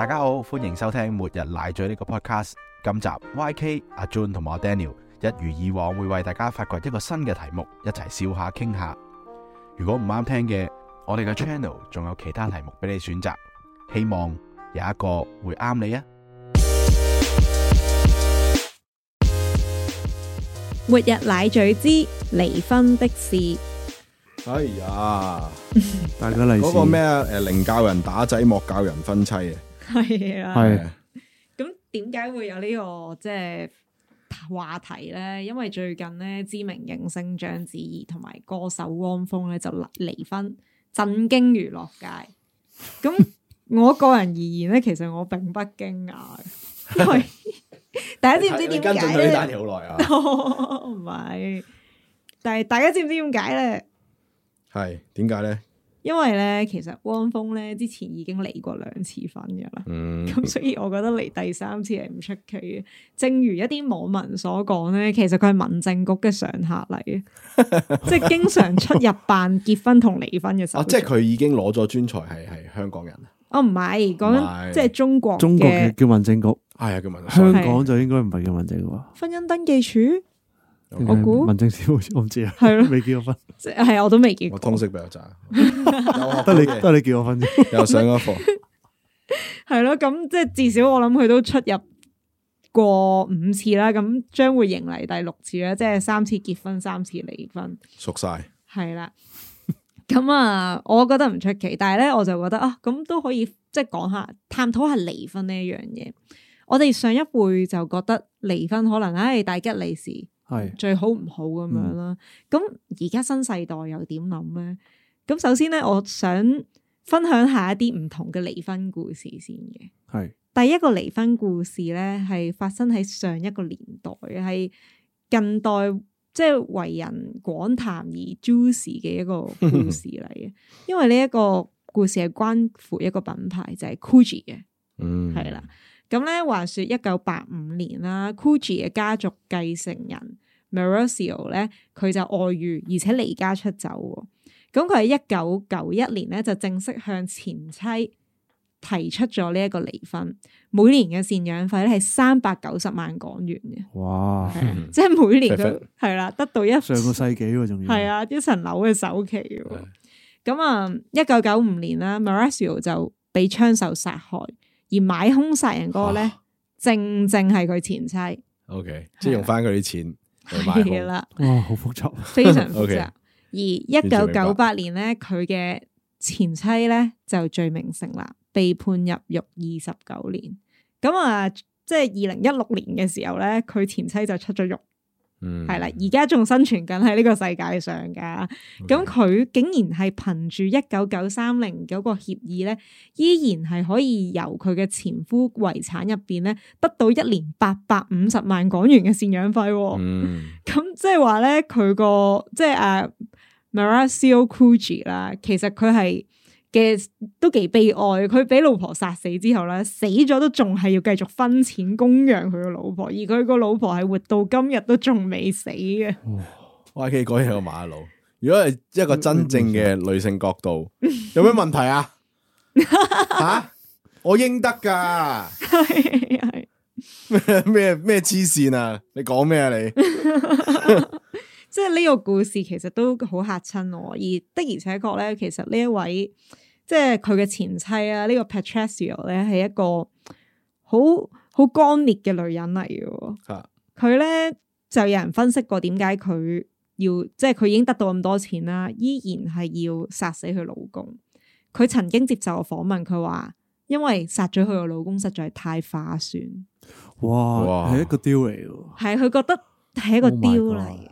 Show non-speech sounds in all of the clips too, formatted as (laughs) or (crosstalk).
大家好，歡迎收聽《末日奶嘴》呢個 podcast。今集 YK 阿 Jun 同埋阿 Daniel 一如以往會為大家發掘一個新嘅題目，一齊笑下、傾下。如果唔啱聽嘅，我哋嘅 channel 仲有其他題目俾你選擇，希望有一個會啱你啊！《末日奶嘴之離婚的事》。哎呀，嗰個咩誒，寧教人打仔，莫教人分妻啊！係啊，係啊。咁點解會有呢、這個即係、就是、話題咧？因為最近咧，知名影星章子怡同埋歌手汪峰咧就離婚,婚，震驚娛樂界。咁我個人而言咧， (laughs) 其實我並不驚訝，因為 (laughs) 大家知唔知點解咧？好耐 (laughs) 啊，唔係， (laughs) (laughs) 但係大家知唔知點解咧？係點解咧？因為咧，其實汪峰咧之前已經離過兩次婚噶啦，咁、嗯、所以我覺得離第三次係唔出奇嘅。正如一啲網民所講咧，其實佢係民政局嘅常客嚟嘅， (laughs) 即係經常出入辦結婚同離婚嘅時候、啊。即係佢已經攞咗專才係係香港人啊？哦，唔係，講緊即係中國，中國嘅叫民政局，係啊、哎、叫民政局，就是、香港就應該唔係叫民政局，婚姻登記處。我估民政事務局，我唔知啊，係咯的，未結 (laughs) 過婚，係我都未結過。我通識比較渣，得 (laughs) (laughs) 你得你結過婚， (laughs) 又上咗課，係咯， (laughs) 咁即係至少我諗佢都出入過五次啦，咁將會迎嚟第六次啦，即係三次結婚，三次離婚，熟晒，係啦。咁啊，我覺得唔出奇，但係咧，我就覺得啊，咁都可以即係講下探討下離婚呢一樣嘢。我哋上一輩就覺得離婚可能，唉，大吉利是。係最好唔好咁樣啦、嗯。咁而家新世代又點諗咧？咁首先咧，我想分享下一啲唔同嘅離婚故事先嘅。係是第一個離婚故事咧，係發生喺上一個年代，係近代即係、就是、為人廣談而 juice 嘅一個故事嚟嘅。 (laughs) 因為呢一個故事係關乎一個品牌，就係、是、GUCCI 嘅。嗯，係啦。咁咧，話説一九八五年啦，GUCCI 嘅家族繼承人 Maurizio 咧，佢就外遇而且離家出走喎。咁佢喺一九九一年咧就正式向前妻提出咗呢一個離婚。每年嘅贍養費咧係三百九十萬港元嘅。哇！啊、 (laughs) 即係每年都係啦、 (laughs) 啊，得到一上個世紀仲要係啊，一層、啊、樓嘅首期喎。咁啊的，一九九五年啦，Maurizio 就俾槍手殺害。而買凶殺人個咧，啊、正正係佢前妻。O Okay , K，、啊、即係用翻佢啲錢去買嘢啦的，哇，好複雜，非常複雜。Okay, 而一九九八年咧，佢嘅前妻咧就罪名成立，被判入獄二十九年。咁啊，即係二零一六年嘅時候咧，佢前妻就出咗獄。係啦，而家仲生存緊喺呢個世界上噶，咁佢 Okay. 竟然係憑住一九九三零嗰個協議咧，依然係可以由佢嘅前夫遺產入邊咧，得到一年八百五十萬港元嘅贍養費、哦。咁即係話咧，佢、 (laughs) 嗰個即係誒，Maurizio Gucci 啦，就是啊、Gucci, 其實佢係。嘅，都幾悲哀，佢俾老婆殺死之後咧，死咗都仲係要繼續分錢供養佢個老婆，而佢個老婆係活到今日都仲未死嘅。哇！我係企過一個馬路， (laughs) 如果係一個真正嘅女性角度， (laughs) 有咩問題啊？吓、 (laughs) 啊，我應得噶，咩咩咩黐線啊！你講咩啊你？ (laughs) (laughs) 即係呢個故事其實都好嚇親我，而的而且確咧，其實呢一位即係佢嘅前妻啊，這個、呢個 Patricia 咧係一個好好乾裂嘅女人嚟嘅。吓佢咧就有人分析過點解佢要即係佢已經得到咁多錢啦，依然係要殺死佢老公。佢曾經接受個訪問，佢話因為殺咗佢個老公實在係太化算。哇！係哇一個雕嚟，嘅係佢覺得係一個雕嚟。Oh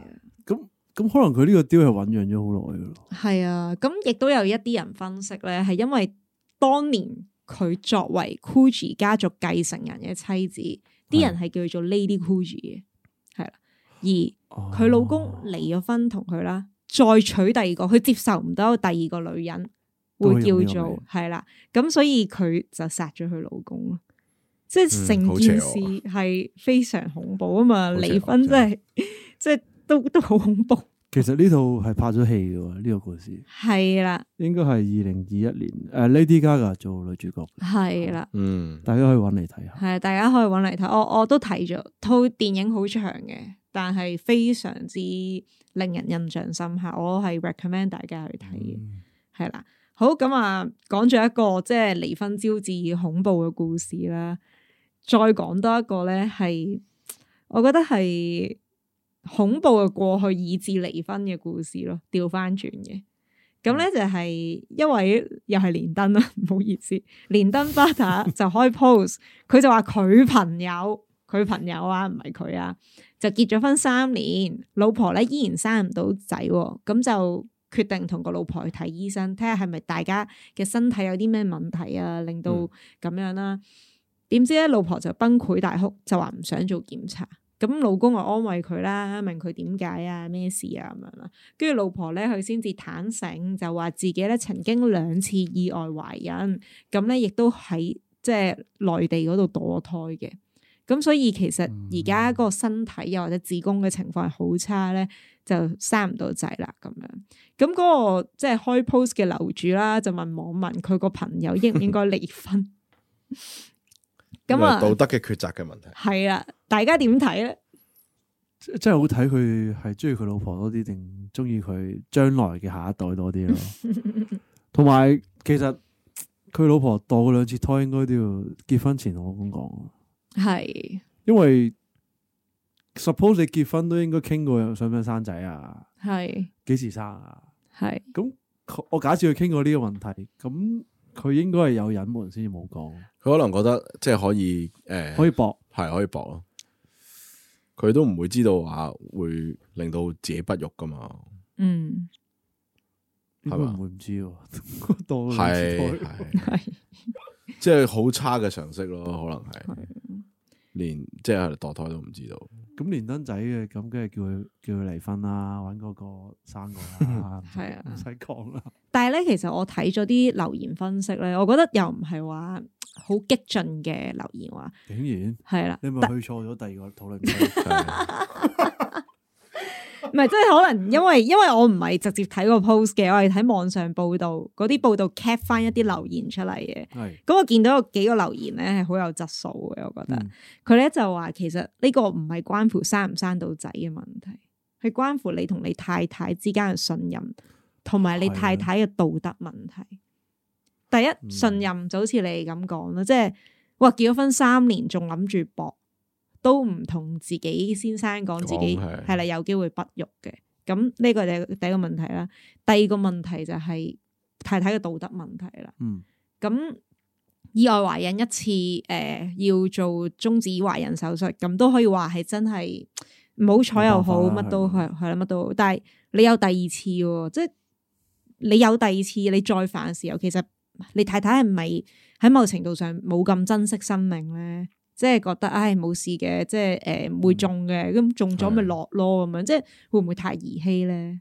咁可能佢呢個雕係醞釀咗好耐嘅咯。係啊，咁亦都有一啲人分析咧，係因為當年佢作為 Gucci 家族繼承人嘅妻子，啲是、啊、人係叫做 Lady Gucci 嘅，係啦、啊。而佢老公離咗婚同佢啦，哦、再娶第二個，佢接受唔到第二個女人會叫做係啦。咁、啊、所以佢就殺咗佢老公咯。即係成件事係非常恐怖、嗯、啊嘛！離婚真係即係。 (laughs) 都都好恐怖。其實呢套係拍咗戲嘅喎，呢個故事係啦，的應該係二零二一年誒、呃、Lady Gaga 做女主角係啦，的嗯大看看，大家可以揾嚟睇下。係，大家可以揾嚟睇。我我都睇咗套電影，好長嘅，但係非常之令人印象深刻。我係 recommend 大家去睇嘅，係啦、嗯。好咁啊，講咗一個即係離婚招致恐怖嘅故事啦，再講多一個咧，係我覺得係。恐怖嘅過去以致離婚嘅故事咯，掉返轉嘅，咁咧就係、是、一位又係連登啦，唔好意思， (laughs) 連登巴打就開 post，佢就話佢朋友佢 (laughs) 朋友啊，唔係佢啊，就結咗婚三年，老婆咧依然生唔到仔，咁就決定同個老婆去睇醫生，睇下係咪大家嘅身體有啲咩問題啊，令到咁樣啦、啊，點、嗯、知咧老婆就崩潰大哭，就話唔想做檢查。咁老公啊安慰佢啦，問佢點解啊咩事啊咁樣啦，跟住老婆咧佢先至坦誠，就話自己咧曾經兩次意外懷孕，咁咧亦都喺即係內地嗰度墮胎嘅，咁所以其實而家嗰個身體又或者子宮嘅情況係好差咧，就生唔到仔啦咁樣。咁、那、嗰個即係開 post 嘅樓主啦，就問網民佢個朋友應唔應該離婚。咁啊 (laughs) 道德嘅抉擇嘅問題係、 (laughs) 嗯、啦。大家點睇咧？真係好睇，佢係中意佢老婆多啲，定中意佢將來嘅下一代多啲咯？同埋，其實佢老婆墮過兩次胎，應該都要結婚前同老公講。係是，因為 suppose 你結婚都應該傾過想唔想生仔啊？係是，幾時生啊？係是，咁我假設佢傾過呢個問題，咁佢應該係有隱瞞先至冇講。佢可能覺得即係可以誒、呃，可以搏，係可以搏咯。佢都唔會知道話會令到自己不育噶嘛？嗯，係咪唔會唔知道？墮胎係係係，即係好差嘅常識咯，了 (laughs) 可能係 (laughs) 的連即係墮胎都唔知道。咁連登仔嘅，咁跟住叫佢叫佢離婚啦，揾嗰個生個啦，係 (laughs) 啊，唔使講啦。但係咧，其實我睇咗啲留言分析咧，我覺得又唔係話好激進嘅留言話，竟然係啦，啊、你咪去錯咗第二個討論區。唔係， (laughs) 即係可能因為因為我唔係直接睇個 post 嘅，我係睇網上報道嗰啲報道 cut 翻一啲留言出嚟嘅。係咁的，我見到有幾個留言咧係好有質素嘅，我覺得佢咧、嗯、就話其實呢個唔係關乎生唔生到仔嘅問題，係關乎你同你太太之間嘅信任同埋你太太嘅道德問題。的第一信任就好似你咁講啦，嗯、即係哇，結咗婚三年仲諗住搏。都唔同自己先生講自己係啦，有機會不育嘅。咁呢個第第一個問題啦，第二個問題就係太太嘅道德問題啦。嗯，咁意外懷孕一次，誒、呃、要做終止懷孕手術，咁都可以話係真係唔好彩又好，乜都係係啦，乜都好。但係你有第二次，即係你有第二次，你再犯嘅時候，其實你太太係咪喺某程度上冇咁珍惜生命咧？即係覺得唉，冇、哎、事嘅，即係誒、呃、的，唔會中嘅，咁中咗咪落咯咁樣，即係會唔會太兒戲咧？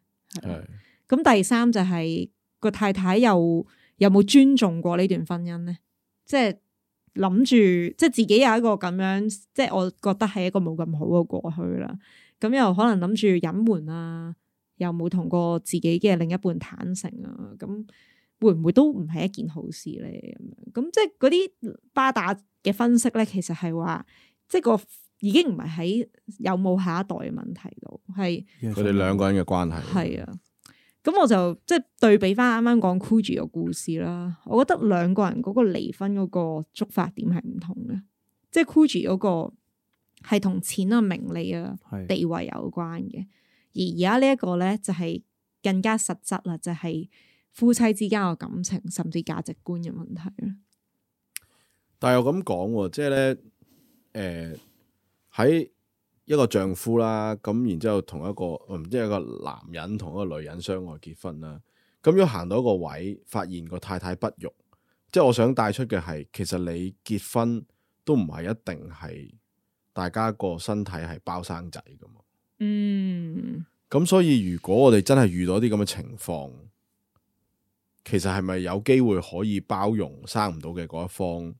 咁的第三就係、是、個太太又有冇尊重過呢段婚姻咧？即係諗住即係自己有一個咁樣，即係我覺得係一個冇咁好嘅過去啦。咁又可能諗住隱瞞啊，又冇同過自己嘅另一半坦誠啊，咁、嗯。會唔會都唔係一件好事咧？咁樣咁即係嗰啲巴打嘅分析咧，其實係話即係個已經唔係喺有冇下一代嘅問題度，係佢哋兩個人嘅關係。係啊，咁我就即係對比翻啱啱講 Gucci 個故事啦。我覺得兩個人嗰個離婚嗰個觸發點係唔同嘅，即係 Gucci 嗰個係同錢啊、名利啊、地位有關嘅，是而而家呢一個咧就係、是、更加實質啦，就係、是。夫妻之間嘅感情，甚至價值觀嘅問題。但係又咁講，即係呢，喺、呃、一個丈夫啦，咁然之後同一個即係一個男人同一個女人相愛結婚啦，咁樣行到一個位，發現個太太不育，即係我想帶出嘅係，其實你結婚都唔係一定係大家個身體係包生仔噶嘛。嗯。咁所以如果我哋真係遇到啲咁嘅情況。其實係咪有機會可以包容生唔到嘅嗰一方，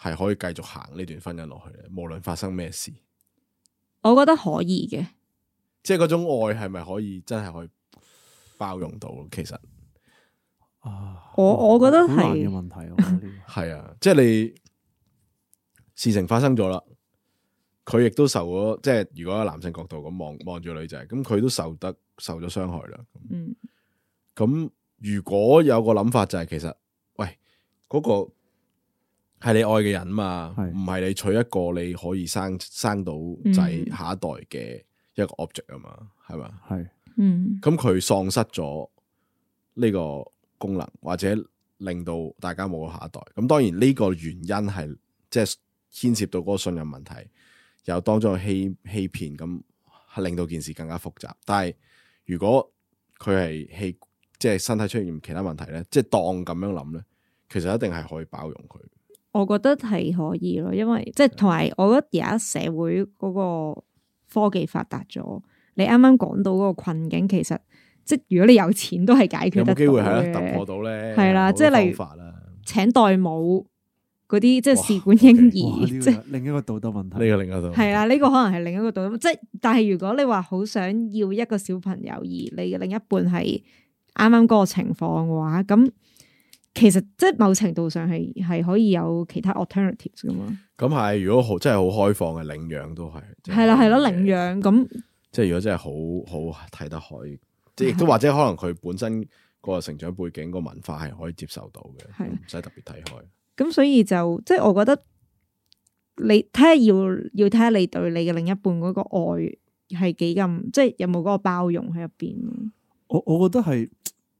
係可以繼續行呢段婚姻落去咧？無論發生咩事，我覺得可以嘅。即係嗰種愛係咪可以真係可以包容到？其實，啊，我我覺得係嘅問題，係 (laughs) 啊，即係你事情發生咗啦，佢亦都受咗，即係如果男性角度咁望望住女仔，咁佢都受得受咗傷害啦。嗯，咁。如果有個諗法就係，是，其實喂嗰個係你愛嘅人嘛，係，唔係你娶一個你可以生生到仔下一代嘅一個 object 啊嘛，係嘛？係，嗯，咁佢喪失咗呢個功能，或者令到大家冇下一代。咁當然呢個原因係即係牽涉到嗰個信任問題，有當中有欺欺騙，咁係令到件事更加複雜。但係如果佢係欺即係身體出現其他問題咧，即係當咁樣諗咧，其實一定係可以包容佢。我覺得係可以咯，因為即係同埋，的我覺得而家社會嗰個科技發達咗，你啱啱講到嗰個困境，其實即係如果你有錢都係解決有機會係啦，得到咧係啦，即係你請代母嗰啲、嗯，即係試管嬰兒，okay. 這個、即係另一個道德問題。呢個另一個道德問題，係啦，呢個可能係另一個道德問題，即係但係如果你話好想要一個小朋友，而你嘅另一半係。啱啱嗰個情況嘅話，咁其實即係、就是、某程度上係係可以有其他 alternatives 噶嘛？咁係，如果好真係好開放嘅領養都係，係啦係咯領養咁，即係如果真係好好睇得開，即係亦都或者可能佢本身嗰個成長背景個文化係可以接受到嘅，係唔使特別睇開。咁所以就即係我覺得你睇下要要睇下你對你嘅另一半嗰個愛係幾咁，即係有冇嗰個包容喺入邊。我我覺得係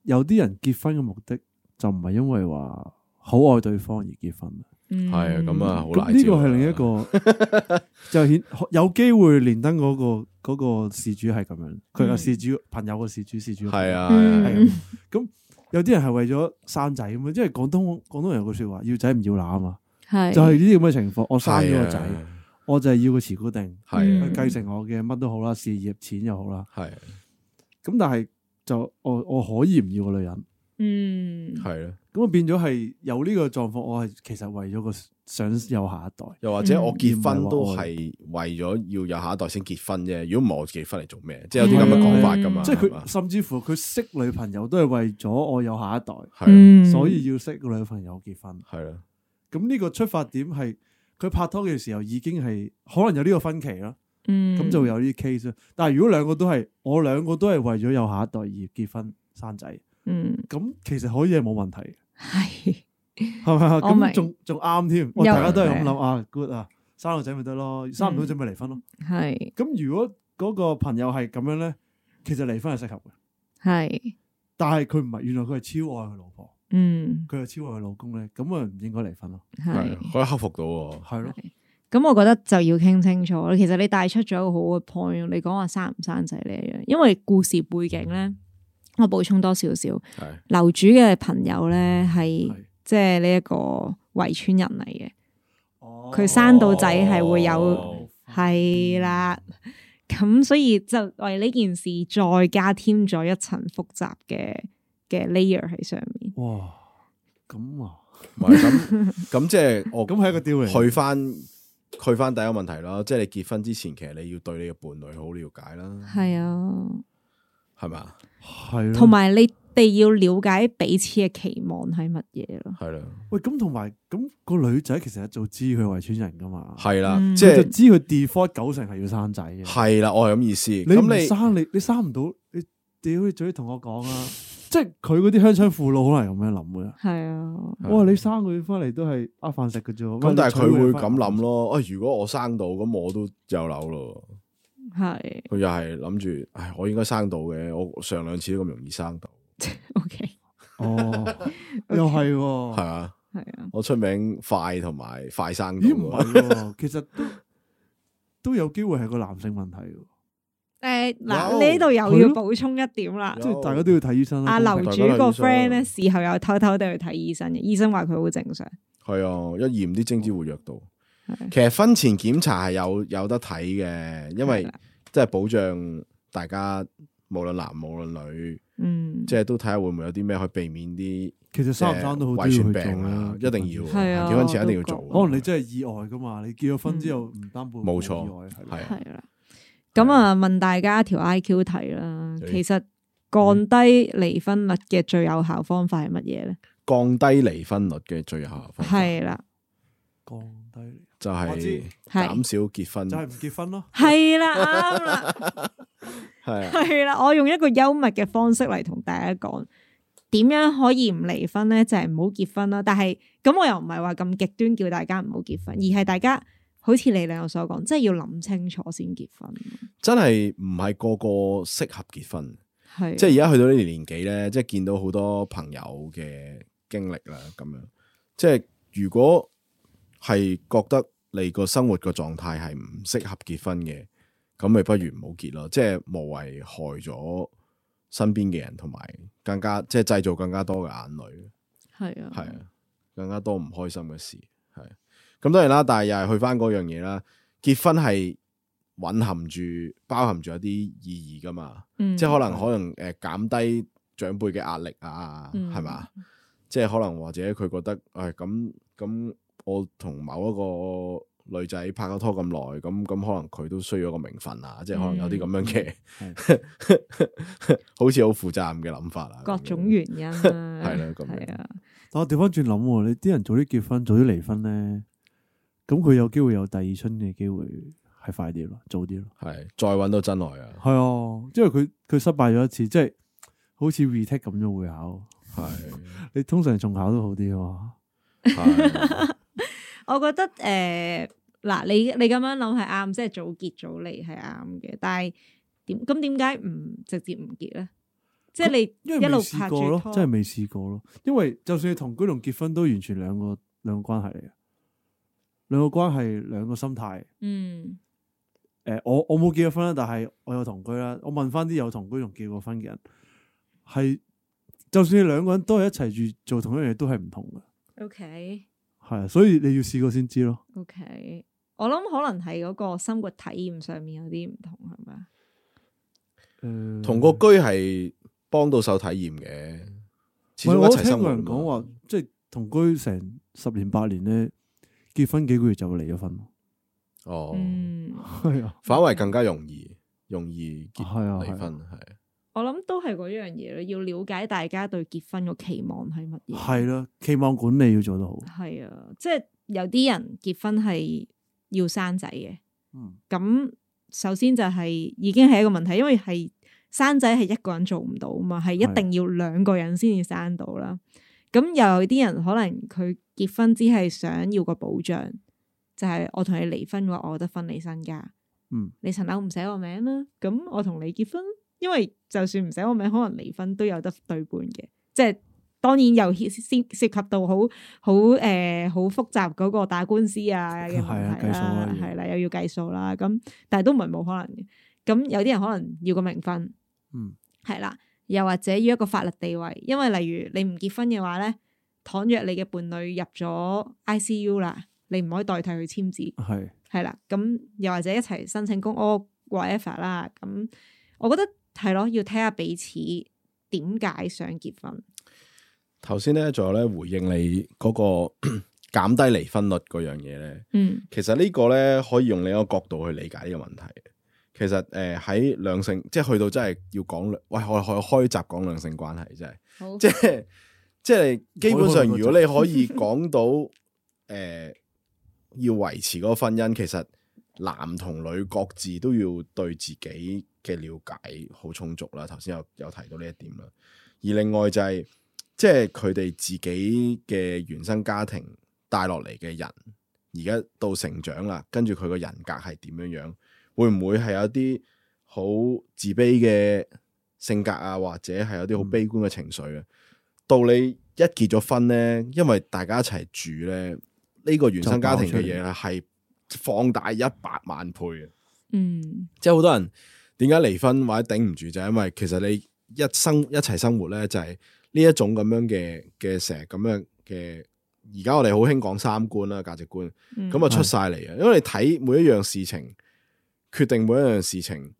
有啲人結婚嘅目的就唔係因為話好愛對方而結婚，係啊咁啊，好難。呢個係另一個 (laughs) 就顯有機會連登嗰、嗰個、嗰個事主係咁樣，佢個事主朋友個事主事主係、mm hmm. 啊，啊，咁有啲人係為咗生仔啊嘛，因為廣東廣東人有個說話，要仔唔要乸啊嘛，係、啊、就係呢啲咁嘅情況，我生咗個仔，啊、我就係要個辭固定，係繼、啊、承我嘅乜都好啦，事業錢又好啦，係咁是、啊、 (laughs) 但係。就我我可以唔要個女人，嗯，係啦，咁啊變咗係有呢個狀況，我係其實為咗個想有下一代，又或者我結婚、嗯、我都係為咗要有下一代先結婚啫，如果唔係我結婚嚟做咩？即係有啲咁嘅講法噶嘛，嗯、吧即係佢甚至乎佢識女朋友都係為咗我有下一代，係、嗯，所以要識個女朋友結婚，係啦、嗯。咁呢個出發點係佢拍拖嘅時候已經係可能有呢個分歧啦。嗯，咁就會有呢啲 case，但係如果兩個都係，我兩個都係為咗有下一代而結婚生仔，嗯，咁其實可以係冇問題嘅。係，係咪？咁仲仲啱添。大家都係咁諗啊，good 啊，生個仔咪得咯，生唔到準備離婚咯。係。咁如果嗰個朋友係咁樣咧，其實離婚係適合嘅。係。但係佢唔係，原來佢係超愛佢老婆。嗯。佢係超愛佢老公咧，咁啊唔應該離婚咯。係可以克服到。係咯。咁我覺得就要傾清楚。其實你帶出咗一個好嘅 point，你講話生唔生仔呢樣？因為故事背景咧，我補充多少少。係樓是的 主嘅朋友咧，係即係呢一個圍村人嚟嘅。的哦，佢生到仔係會有係啦。咁、嗯、所以就為呢件事再加添咗一層複雜嘅嘅 layer 喺上面。哇！咁啊，咁咁即係哦，咁係一個吊人去翻。佢返第一個問題咯，即係你結婚之前，其實你要對你嘅伴侶好了解啦。係啊，係咪，係、啊。同埋你哋要了解彼此嘅期望係乜嘢？咯、係咯，啊。喂，咁同埋咁個女仔其實一早知佢圍村人噶嘛？係啦，啊，嗯、即係知佢 default 九成係要生仔嘅。係啦，啊，我係咁意思。咁你，你，你生，你你生唔到，你屌你，早啲同我講啊！即係佢嗰啲鄉親父老可能咁樣諗嘅，係啊！哇！你生佢翻嚟都係呃飯食嘅啫。咁但係佢會咁諗咯。啊！如果我生到，咁我都有樓咯。係。佢又係諗住，唉！我應該生到嘅。我上兩次都咁容易生到。O K。哦，又係喎。係啊。係啊。我出名快同埋快生添。咦？唔係喎，其實都都有機會係個男性問題喎。誒，嗱，你呢度又要補充一點啦，即係大家都要睇醫生。阿樓主個 friend 咧，事後又偷偷哋去睇醫生嘅，醫生話佢好正常。係啊，一驗啲精子活躍度，其實婚前檢查係有有得睇嘅，因為即係保障大家無論男無論女，嗯，即係都睇下會唔會有啲咩可以避免啲，其實生唔生都好重要，遺傳病啊，一定要結婚前一定要做。可能你真係意外噶嘛。你結咗婚之後唔擔保，冇錯，係係啦。咁啊、嗯，問大家一條 I Q 題啦。其實降低離婚率嘅最有效方法係乜嘢咧？降低離婚率嘅最有效方法係啦，降低的就係減少結婚，就係、是、唔結婚咯。係 (laughs) 啦，啱啦，系係啦，我用一個幽默嘅方式嚟同大家講，點樣可以唔離婚咧？就係唔好結婚啦。但係咁我又唔係話咁極端叫大家唔好結婚，而係大家。好似你兩我所講，即係要諗清楚先結婚。真係唔係個個適合結婚，的即係而家去到呢年紀咧，即係見到好多朋友嘅經歷啦，咁樣即係如果係覺得你個生活個狀態係唔適合結婚嘅，咁咪不如唔好結咯，即係無謂害咗身邊嘅人，同埋更加即係製造更加多嘅眼淚，係啊的，係啊，更加多唔開心嘅事。咁當然啦，但係又係去翻嗰樣嘢啦。結婚係蘊含住、包含住一啲意義噶嘛，即係可能可能誒減低長輩嘅壓力啊，係嘛？即係可能或者佢覺得誒咁咁，我同某一個女仔拍咗拖咁耐，咁咁可能佢都需要個名分啊，即係可能有啲咁樣嘅，好似好負責任嘅諗法啊。各種原因啦，係啦咁樣啊。但係我調翻轉諗，你啲人早啲結婚，早啲離婚咧。咁佢有機會有第二春嘅機會係快啲咯，早啲咯，係再揾到真愛啊！係啊，因為佢佢失敗咗一次，即係好似 retake 咁樣會考，係的 (laughs) 你通常重考都好啲啊！ (laughs) 我覺得誒，嗱、呃，你你咁樣諗係啱，即係早結早離係啱嘅，但係點咁點解唔直接唔結咧？即係你一路拍住咯，真係未試過咯。因為就算你同居同結婚，都完全兩個兩個關係嚟嘅。兩個關係，兩個心態。嗯。誒、呃，我我冇結過婚啦，但係我有同居啦。我問翻啲有同居同結過婚嘅人，係就算係兩個人都係一齊住做同一樣嘢，都係唔同㗎。O K。係啊，所以你要試過先知咯。O、okay. K，我諗可能係嗰個生活體驗上面有啲唔同，係咪啊？嗯，同個居係幫到手體驗嘅。唔係、嗯，我聽個人講話、嗯，即係同居成十年八年咧。結婚幾個月就會離咗婚，哦，嗯，係啊，反而更加容易，容易結，係啊，離、啊、婚係。啊、我諗都係嗰樣嘢咯，要了解大家對結婚個期望係乜嘢，係咯、啊，期望管理要做得好，係啊，即係有啲人結婚係要生仔嘅，咁、嗯、首先就係已經係一個問題，因為係生仔係一個人做唔到啊嘛，係一定要兩個人先至生到啦。咁、啊、又有啲人可能佢。結婚只係想要個保障，就係、是、我同你離婚嘅話，我得分你身家。嗯，你層樓唔寫我名啦，咁我同你結婚，因為就算唔寫我名，可能離婚都有得對半嘅。即係當然又涉涉及到好好誒好複雜嗰個打官司啊嘅問題啦，係啦、嗯，又要計數啦。咁但係都唔係冇可能嘅。咁有啲人可能要個名分，嗯，係啦，又或者要一個法律地位，因為例如你唔結婚嘅話咧。倘若你嘅伴侶入咗 ICU 啦，你唔可以代替佢簽字，係係啦，咁又或者一齊申請公屋 whatever 啦，咁我覺得係咯，要睇下彼此點解想結婚。頭先咧，仲有咧回應你嗰、嗰個減 (coughs) 低離婚率嗰樣嘢咧，嗯，其實個呢個咧可以用另一個角度去理解呢個問題。其實誒喺兩性，即係去到真係要講兩喂，我我開閘講兩性關係，真係即係。好 (laughs) 即係基本上，以如果你可以講到誒、 (laughs) 呃，要維持嗰個婚姻，其實男同女各自都要對自己嘅了解好充足啦。頭先有有提到呢一點啦。而另外就係、是，即係佢哋自己嘅原生家庭帶落嚟嘅人，而家到成長啦，跟住佢個人格係點樣樣？會唔會係有啲好自卑嘅性格啊？或者係有啲好悲觀嘅情緒啊？到你一結咗婚咧，因為大家一齊住咧，呢、這個原生家庭嘅嘢係放大一百萬倍嘅。嗯，即係好多人點解離婚或者頂唔住，就係、是、因為其實你一生一齊生活咧，就係呢一種咁樣嘅嘅成日咁樣嘅。而家我哋好興講三觀啦，價值觀咁啊、嗯、出晒嚟啊。是因為你睇每一樣事情，決定每一樣事情，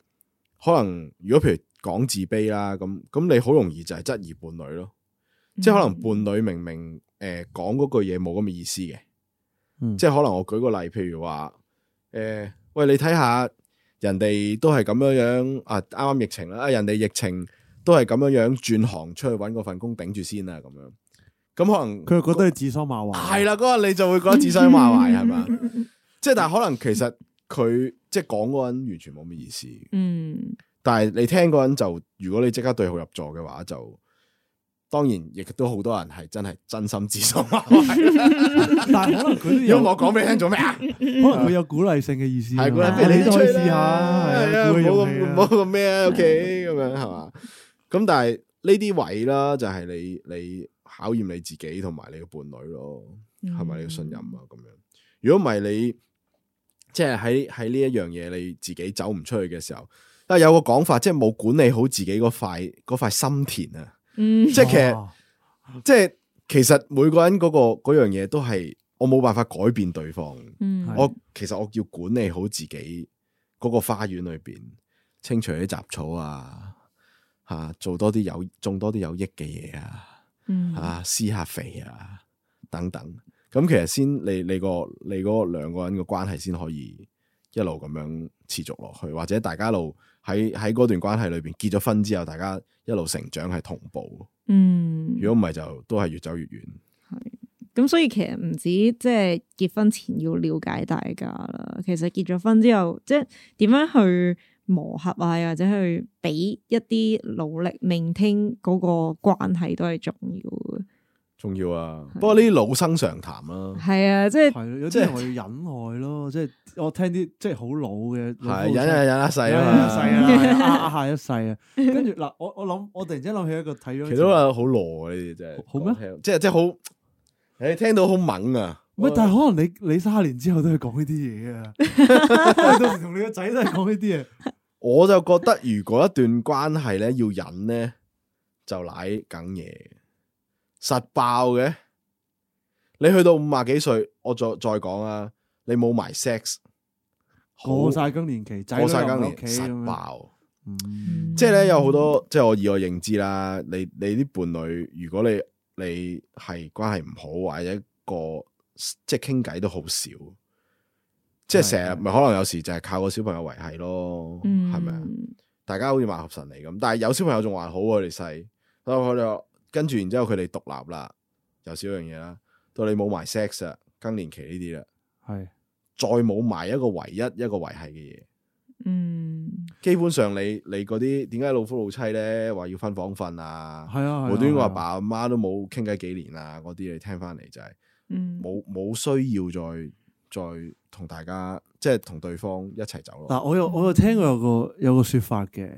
可能如果譬如講自卑啦，咁咁你好容易就係質疑伴侶咯。即係可能伴侶明明誒、呃、講嗰句嘢冇咁嘅意思嘅，嗯、即係可能我舉個例，譬如話誒、呃，喂你睇下人哋都係咁樣樣啊，啱啱疫情啦，啊人哋疫情都係咁樣樣轉行出去揾嗰份工頂住先啊，咁樣咁可能佢又覺得係指桑罵槐，係啦嗰日你就會覺得指桑罵槐係嘛，即係但係可能其實佢即係講嗰個人完全冇咩意思，嗯，但係你聽嗰人就如果你即刻對號入座嘅話就。當然，亦都好多人係真係真心知足 (laughs) 但佢， (laughs) 如果我講俾你聽做咩啊？可能會有鼓勵性嘅意思，係鼓勵你都試下，係啊，冇咁好咁咩啊？OK，咁樣係嘛？咁但係呢啲位啦，就係你你考驗你自己同埋你嘅伴侶咯，係咪？你個信任啊，咁、嗯、樣。如果唔係你，即係喺喺呢一樣嘢，你自己走唔出去嘅時候，但係有個講法，即係冇管理好自己嗰塊嗰塊心田啊。嗯，即係其實，哦、即係其實每個人嗰、嗰個嗰樣嘢都係我冇辦法改變對方。嗯，我其實我要管理好自己嗰個花園裏邊，清除啲雜草啊，吓、啊、做多啲有種多啲有益嘅嘢啊，吓施、嗯啊、下肥啊等等。咁其實先，你你個你嗰兩個人嘅關係先可以一路咁樣持續落去，或者大家一路。喺喺嗰段關係裏邊結咗婚之後，大家一路成長係同步。嗯，如果唔係就都係越走越遠。係咁，所以其實唔止即係結婚前要了解大家啦，其實結咗婚之後，即係點樣去磨合啊，或者去俾一啲努力，maintain 嗰個關係都係重要嘅。重要啊！不過呢啲老生常談啊，係啊，即係，係有啲人要忍耐咯，即係我聽啲即係好老嘅，係忍一忍一世啊，一世啊，下一世啊。跟住嗱，我我諗，我突然之間諗起一個睇咗，其實都好耐啊，呢啲，真係好咩？即係即係好，誒，聽到好猛啊！喂，但係可能你你卅年之後都係講呢啲嘢啊，到時同你個仔都係講呢啲嘢。我就覺得如果一段關係咧要忍咧，就奶梗嘢。實爆嘅，你去到五十幾歲，我再再講啊！你冇埋 sex，過晒更年期，過晒更年期。實爆。嗯、即係咧，有好多，嗯、即係我以我認知啦。你你啲伴侶，如果你你係關係唔好，或者一個即係傾偈都好少，即係成日咪可能有時就係靠個小朋友維係咯，係咪啊？大家好似貌合神離咁，但係有小朋友仲還好，我哋細，所以我哋。跟住，然之後佢哋獨立啦，有少樣嘢啦，到你冇埋 sex 啊，更年期呢啲啦，係是再冇埋一個唯一一個維繫嘅嘢，嗯，基本上你你嗰啲點解老夫老妻咧話要分房瞓啊，係啊，啊無端端阿爸阿媽都冇傾偈幾年啊，嗰啲你聽翻嚟就係，是，冇冇，嗯、需要再再同大家即係同對方一齊走咯，嗱、啊，我有我有聽過有個有個，有個說法嘅。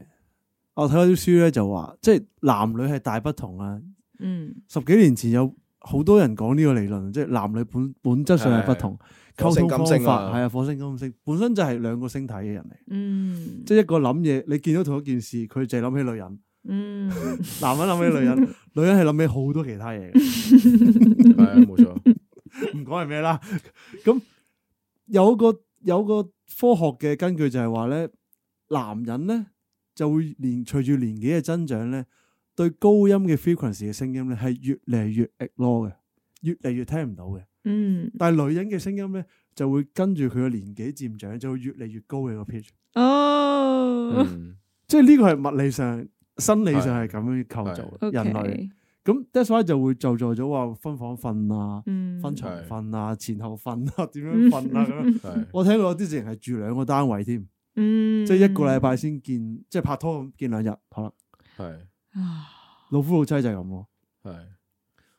我睇嗰啲書咧就話，即係男女係大不同啊。嗯，十幾年前有好多人講呢個理論，即係男女本本質上係不同，溝通方法係啊，火星金星本身就係兩個星體嘅人嚟。嗯，即係一個諗嘢，你見到同一件事，佢淨係諗起女人。嗯， (laughs) 男人諗起女人，女人係諗起好多其他嘢。係啊， (laughs) (laughs) 冇錯。唔講係咩啦。咁有個有個科學嘅根據就係話咧，男人咧。就會年隨住年紀嘅增長咧，對高音嘅 frequency 嘅聲音咧係越嚟越 ignore 嘅，越嚟越聽唔到嘅。嗯，但係女人嘅聲音咧就會跟住佢嘅年紀漸長，就會越嚟越高嘅個 pitch。哦，嗯嗯、即係呢個係物理上、生理上係咁樣構造人類。咁 that's why 就會就座咗話分房瞓啊，嗯、分床瞓啊，是前後瞓啊，點樣瞓啊咁。我聽過啲人係住兩個單位添。嗯，即係一個禮拜先見，即係拍拖見兩日可能係。啊是，老夫老妻就係咁，係是。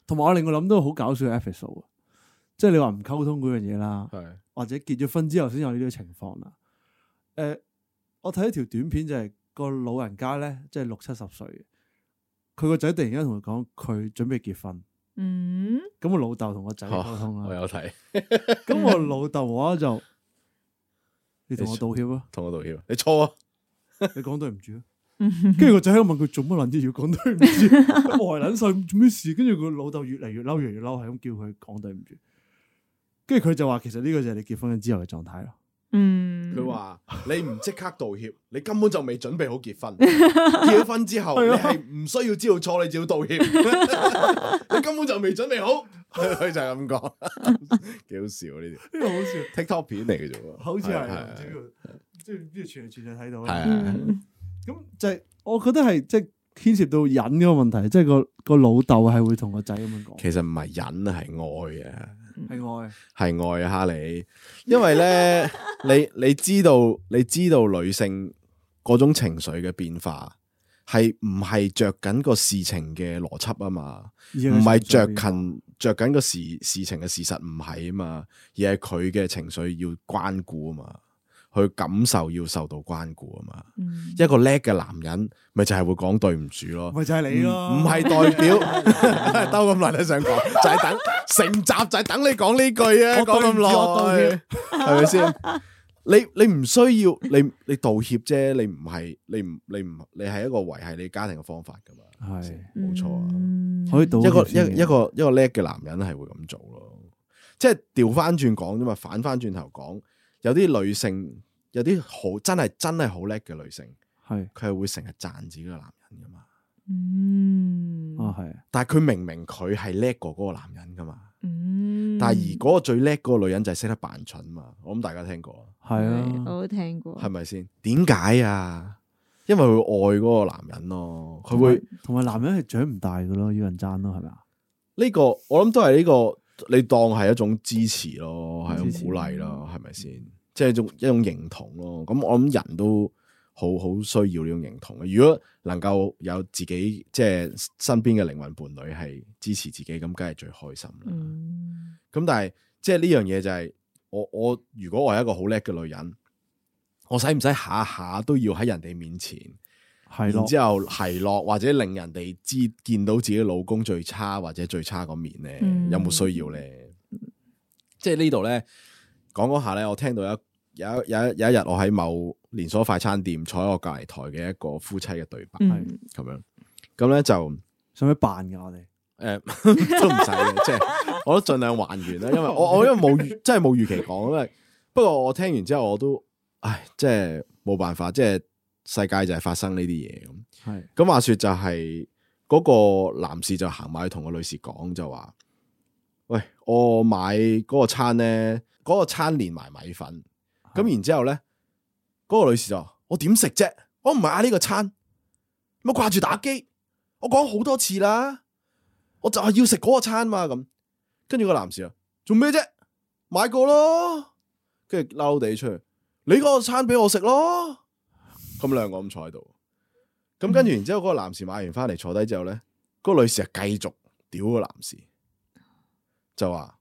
同埋我令我諗到好搞笑嘅 episode，即係你話唔溝通嗰樣嘢啦，係。或者結咗婚之後先有呢啲情況啦。誒、呃，我睇一條短片就係、是、個老人家咧，即、就、係、是、六七十歲，佢個仔突然間同佢講佢準備結婚。嗯，咁我老豆同個仔溝通啦。我有睇。咁 (laughs) 我老豆話就。你同我道歉咯，同我道歉，你錯啊，你講對唔住咯。跟住個仔喺度問佢做乜難啲，要講對唔住，呆捻細咁做咩事？跟住個老豆越嚟越嬲，越嚟越嬲，係咁叫佢講對唔住。跟住佢就話，其實呢個就係你結婚咗之後嘅狀態咯。嗯，佢話你唔即刻道歉，你根本就未準備好結婚。結咗婚之後，你係唔需要知道錯，你就要道歉。你根本就未準備好，佢就係咁講，幾好笑呢？呢個好笑，TikTok 片嚟嘅啫，好似係即係邊度全全睇到。係啊，咁就係，我覺得係即係牽涉到忍嗰個問題，即係個個老豆係會同個仔咁樣講。其實唔係忍，係愛啊。係愛，係愛啊，哈利，因為咧，你你知道，你知道女性嗰種情緒嘅變化，係唔係着緊個事情嘅邏輯啊嘛，唔係着近著緊個事事情嘅事實唔係啊嘛，而係佢嘅情緒要關顧啊嘛。去感受要受到關顧啊嘛，一個叻嘅男人，咪就係會講對唔住咯，咪就係你咯，唔係代表兜咁耐你想講，就係等成集就係等你講呢句啊，講咁耐，係咪先？你你唔需要，你你道歉啫，你唔係，你唔你唔你係一個維繫你家庭嘅方法噶嘛，係冇錯啊，可以道一個一一個一個叻嘅男人係會咁做咯，即係調翻轉講啫嘛，反翻轉頭講，有啲女性。有啲好真係真係好叻嘅女性，係佢係會成日讚自己個男人噶嘛。嗯，啊係，但係佢明明佢係叻過嗰個男人噶嘛。嗯，但係而個最叻嗰個女人就係識得扮蠢嘛。我諗大家聽過，係啊，我都聽過，係咪先？點解啊？因為佢愛嗰個男人咯，佢會同埋男人係長唔大噶咯，要人讚咯，係咪啊？呢個我諗都係呢個，你當係一種支持咯，係一種鼓勵咯，係咪先？嗯即係一種一種認同咯，咁我諗人都好好需要呢種認同嘅。如果能夠有自己即係、就是、身邊嘅靈魂伴侶係支持自己，咁梗係最開心啦。咁、嗯、但係即係呢樣嘢就係、是就是、我我如果我係一個好叻嘅女人，我使唔使下下都要喺人哋面前係咯？然後奚落或者令人哋知見到自己老公最差或者最差個面咧，嗯、有冇需要咧？即係、嗯、呢度咧。講嗰下咧，我聽到一有有一有一日，一我喺某連鎖快餐店坐喺我隔籬台嘅一個夫妻嘅對白，咁、嗯、樣咁咧就使唔使扮噶我哋？誒、嗯、 (laughs) 都唔使嘅， (laughs) 即係我都盡量還原啦，因為我 (laughs) 我因為冇真係冇預期講，因為不過我聽完之後我都唉，即係冇辦法，即係世界就係發生呢啲嘢咁。係咁是話說就係、是、嗰、那個男士就行埋去同個女士講就話：，喂，我買嗰個餐咧。嗰個餐連埋米粉，咁的然之後咧，嗰、嗰個女士就話，我點食啫？我唔係嗌呢個餐，咁掛住打機，我講好多次啦，我就係要食嗰個餐嘛。咁跟住個男士啊，做咩啫？買過咯，跟住嬲地出去。你個餐俾我食咯。咁兩個咁坐喺度，咁跟住然之後，個男士買完翻嚟坐低之後咧，嗯、個女士啊繼續屌個男士就，就話。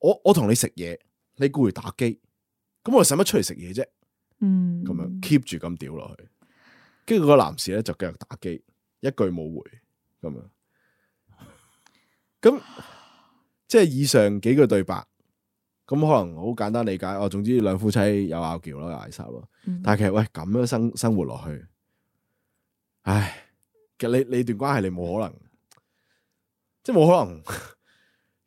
我我同你食嘢，你顧住打機，咁我使乜出嚟食嘢啫？咁、嗯、樣 keep 住咁屌落去，跟住個男士咧就繼續打機，一句冇回，咁樣，咁即係以上幾句對白，咁可能好簡單理解。哦，總之兩夫妻有拗撬啦，有嗌交啦，嗯、但係其實喂咁樣生生活落去，唉，其實你你段關係你冇可能，即係冇可能。 (laughs)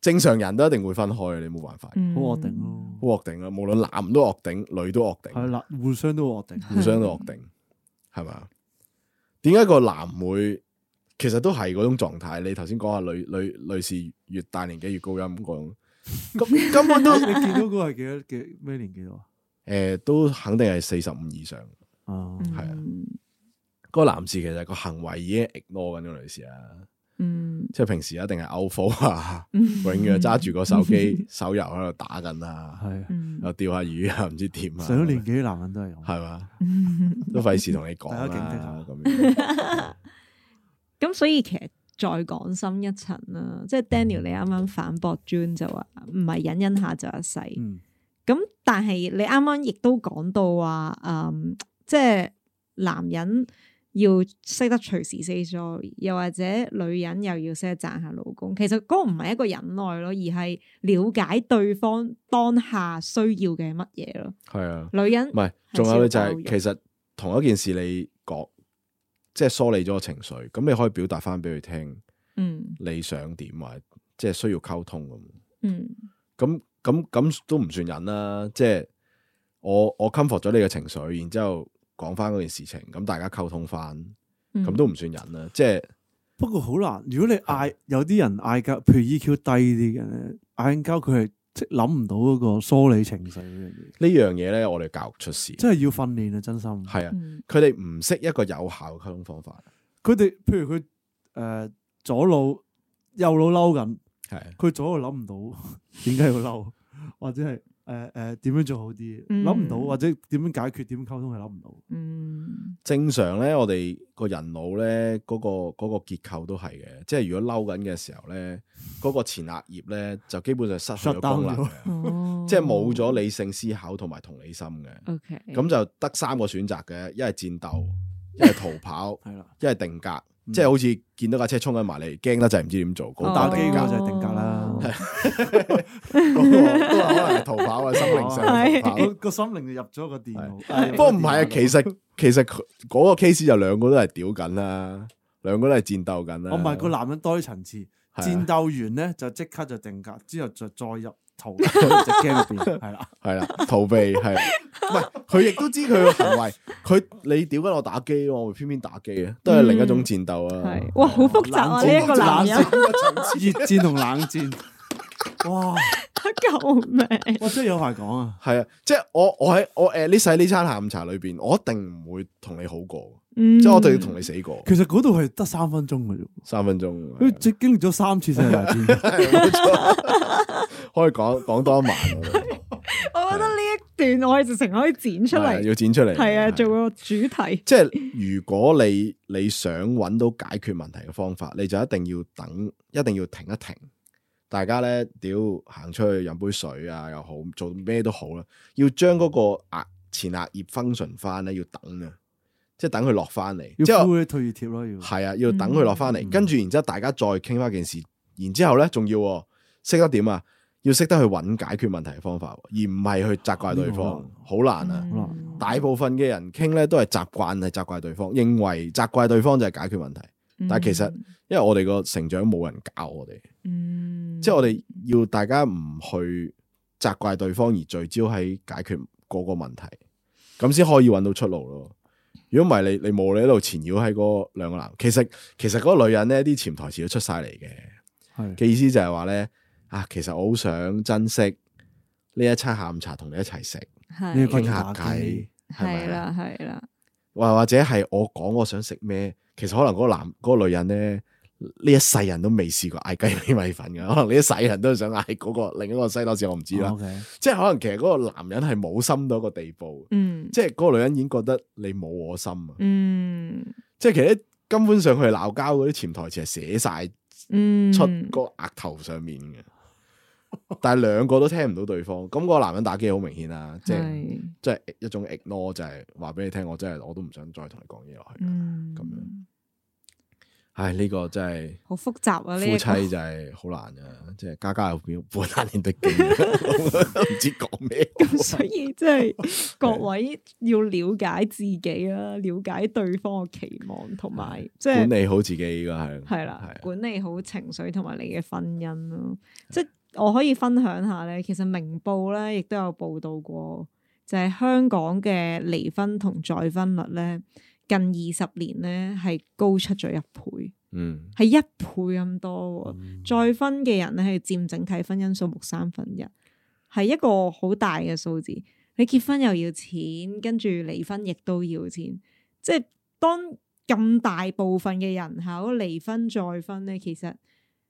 正常人都一定會分開嘅，你冇辦法。好、嗯、惡頂咯，好惡頂啊！無論男都惡頂，女都惡頂，係啦，互相都惡頂，互相都惡頂，係嘛？ (laughs) 點解個男會？其實都係嗰種狀態。你頭先講下女女女士越大年紀越高音嗰種，咁根本都你見到個係幾多幾咩年紀啊？誒、 (laughs) 呃，都肯定係四十五以上。哦、嗯，係啊。嗯、個男士其實個行為已經 ignore 緊個女士啊。即係平時一定係 out 啊，嗯、永遠揸住個手機、嗯、手遊喺度打緊啊，又釣下魚啊，唔知點啊。上咗年紀男人都係用，係嘛吧，嗯、都費事同你講啦。咁咁所以其實再講深一層啦，即係 Daniel、嗯、你啱啱反駁 Jo 就話唔係忍忍下就一世，咁、嗯、但係你啱啱亦都講到話，嗯，即係男人。要識得隨時 say sorry，又或者女人又要識得讚下老公，其實嗰個唔係一個忍耐咯，而係了解對方當下需要嘅乜嘢咯。係啊，女人唔係，仲有就係其實同一件事你講，即係梳理咗個情緒，咁你可以表達翻俾佢聽，嗯，你想點或者即係需要溝通咁，嗯，咁咁咁都唔算忍啦，即係我我 comfort 咗你嘅情緒，然之後。講翻嗰件事情，咁大家溝通翻，咁、嗯、都唔算人啦。即、就、係、是、不過好難，如果你嗌是有啲人嗌交，譬如 EQ 低啲嘅嗌交，佢係即係諗唔到嗰個梳理情緒呢樣嘢。呢樣嘢咧，我哋教育出事，真係要訓練啊！真心係啊，佢哋唔識一個有效嘅溝通方法。佢哋、嗯、譬如佢誒、呃、左腦右腦嬲緊，係佢的左腦諗唔到點解要嬲，或者係。誒誒，點樣、呃呃、做好啲？諗唔、嗯、到，或者點樣解決？點樣溝通？係諗唔到。嗯，正常咧，我哋、個人腦咧，嗰個嗰個結構都係嘅。即係如果嬲緊嘅時候咧，嗰、個前額葉咧就基本上失去咗功能，哦、 (laughs) 即係冇咗理性思考同埋同理心嘅。O 咁、哦、就得三個選擇嘅，一係戰鬥，一係逃跑， (laughs) 了一係定格。嗯、即係好似見到架車衝緊埋嚟，驚得就係唔知點做。好，打定格就係、哦、定格啦。係， (laughs) 都係可能逃跑啊！心靈上個心靈就入咗個電腦。不過唔係啊，其實其實嗰個 case 就兩個都係屌緊啦，兩 (laughs) 個都係戰鬥緊啦。哦，唔係個男人多啲層次，啊、戰鬥完咧就即刻就定格，之後就再入。逃入隻 game 入邊，係啦，係啦， (laughs) 逃避係，唔係佢亦都知佢嘅行為，佢你屌跟，我打機，我會偏偏打機啊，都係另一種戰鬥啊，係、嗯、哇，好哇複雜啊，你一戰個男人，熱戰同冷， (laughs) 冷戰，哇。救命！我真係有話講啊，係啊，即係我我喺我誒呢世呢餐下午茶裏邊，我一定唔會同你好過，嗯、即係我都要同你死過。其實嗰度係得三分鐘嘅啫，三分鐘。你即係經歷咗三次世界大戰， (laughs) 錯 (laughs) 可以講講多一晚。 (laughs) 我覺得呢一段我就成日可以剪出嚟，要剪出嚟，係啊，做個主題。即係如果你你想揾到解決問題嘅方法， (laughs) 你就一定要等，一定要停一停。大家咧，屌，行出去飲杯水啊又好，做咩都好啦，要將嗰個前額葉 function 翻咧，要等啊，即係等佢落翻嚟，要退熱貼咯，要，係啊，要等佢落翻嚟，跟住然之後大家再傾翻件事，然之後咧仲要識得點啊，要識得去揾解決問題嘅方法，而唔係去責怪對方，好、嗯、難啊！嗯、大部分嘅人傾咧都係習慣係責怪對方，認為責怪對方就係解決問題。但係其實，因為我哋個成長冇人教我哋，嗯、即係我哋要大家唔去責怪對方，而聚焦喺解決嗰個問題，咁先可以揾到出路咯。如果唔係，你，你無你喺度纏繞喺嗰兩個男，其實其實嗰個女人呢啲潛台詞都出晒嚟嘅，嘅的意思就係話呢：「啊，其實我好想珍惜呢一餐下午茶同你一齊食，係，傾下偈，係啦係啦。的吧或或者係我講我想食咩，其實可能嗰個男、那個女人咧，呢一世人都未試過嗌雞尾米粉嘅，可能呢一世人都想嗌嗰、嗰個另一個西多士我，我唔知啦。Okay. 即係可能其實嗰個男人係冇心到一個地步，嗯，即係嗰個女人已經覺得你冇我心啊，嗯，即係其實根本上佢哋鬧交嗰啲潛台詞係寫晒，嗯，出個額頭上面嘅。 (laughs) 但係兩個都聽唔到對方，咁個男人打機好明顯啦，即係即係一種 ignore 就係話俾你聽，我真係我都唔想再同你講嘢落去，嗯、咁樣。係呢個真係好複雜啊！呢夫妻就係好難啊，即係家家有本本難念的經，唔知講咩。咁所以即係各位要了解自己啦，了解對方嘅期望，同埋即係管理好自己個係。係啦，管理好情緒同埋你嘅婚姻咯。即係我可以分享下咧，其實明報咧亦都有報道過，就係香港嘅離婚同再婚率咧。近二十年咧，係高出咗一倍，嗯，係一倍咁多。嗯、再婚嘅人咧，係佔整體婚姻數目三分一，係一個好大嘅數字。你結婚又要錢，跟住離婚亦都要錢，即係當咁大部分嘅人口離婚再婚咧，其實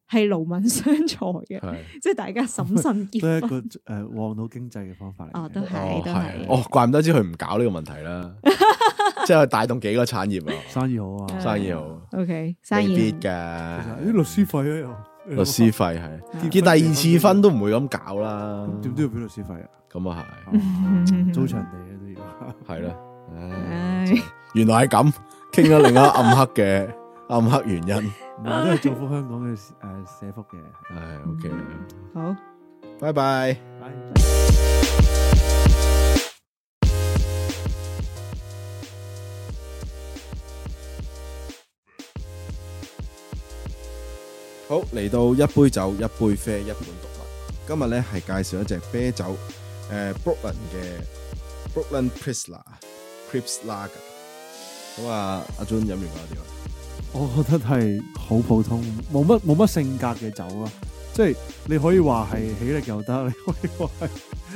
係勞民傷財嘅，是即係大家審慎結婚。是是一個誒，望、呃、到經濟嘅方法嚟，哦，都係都係，哦，怪唔得之佢唔搞呢個問題啦。 (laughs) 即係帶動幾個產業啊，生意好啊，生意好。O K，生意必噶。啲律師費咧，律師費係，見第二次婚都唔會咁搞啦。點都要俾律師費啊？咁啊係，租場地都要。係啦，唉，原來係咁，傾咗另一暗黑嘅暗黑原因，都係造福香港嘅誒社福嘅。係，O K，好，拜拜。好，嚟到一杯酒、一杯啡、一本讀物。今日咧係介紹一隻啤酒誒，Brooklyn、呃、嘅 Brooklyn Prisla Crisp Lager 嘅咁啊，阿俊飲完講下點，我覺得係好普通，冇乜冇乜性格嘅酒啊，即係你可以話係喜力又得，你可以話係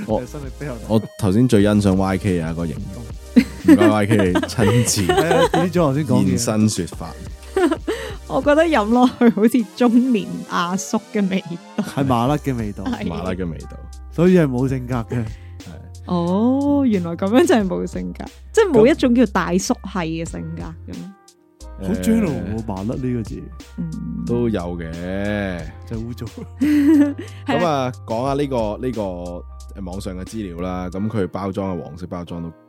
我嘅生力比較。我頭先 (laughs) 最欣賞 YK 啊個形容，唔該 YK 你親自。呢種我先講現身說法。我覺得飲落去好似中年阿叔嘅味道，係麻甩嘅味道，麻甩嘅味道，所以係冇性格嘅。係 (laughs) 的哦，原來咁樣就係冇性格， (laughs) 即係冇一種叫大叔係嘅性格咁。好 g e 麻甩呢個字，嗯，嗯都有嘅，真污糟。咁 (laughs) 的啊，講下呢、這個呢、這個網上嘅資料啦。咁佢包裝嘅黃色包裝都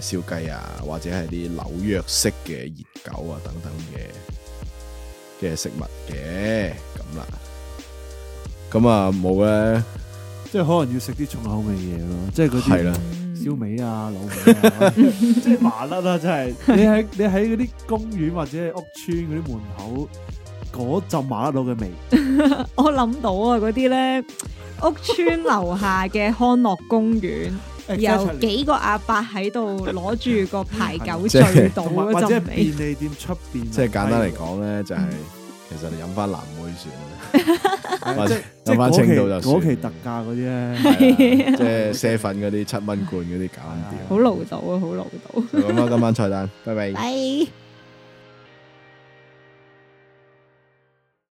誒，燒雞啊，或者係啲紐約式嘅熱狗啊，等等嘅嘅食物嘅咁啦，咁啊冇咧，即係可能要食啲重口味嘢咯，的即係嗰啲係啦，燒味啊，滷味啊， (laughs) 即係麻甩啦，真係！ (laughs) 你喺你喺嗰啲公園或者係屋村嗰啲門口嗰陣麻甩佬嘅味， (laughs) 我諗到啊，嗰啲咧屋村樓下嘅康樂公園。由幾個阿伯喺度攞住個排九醉倒啦，便利店出邊，即係簡單嚟講咧，就係其實你飲翻藍莓算，或者飲翻青島就，嗰期特價嗰啲咧，即係卸粉嗰啲七蚊罐嗰啲搞掂。好老道啊！好老道。咁啊，今晚菜單，拜拜。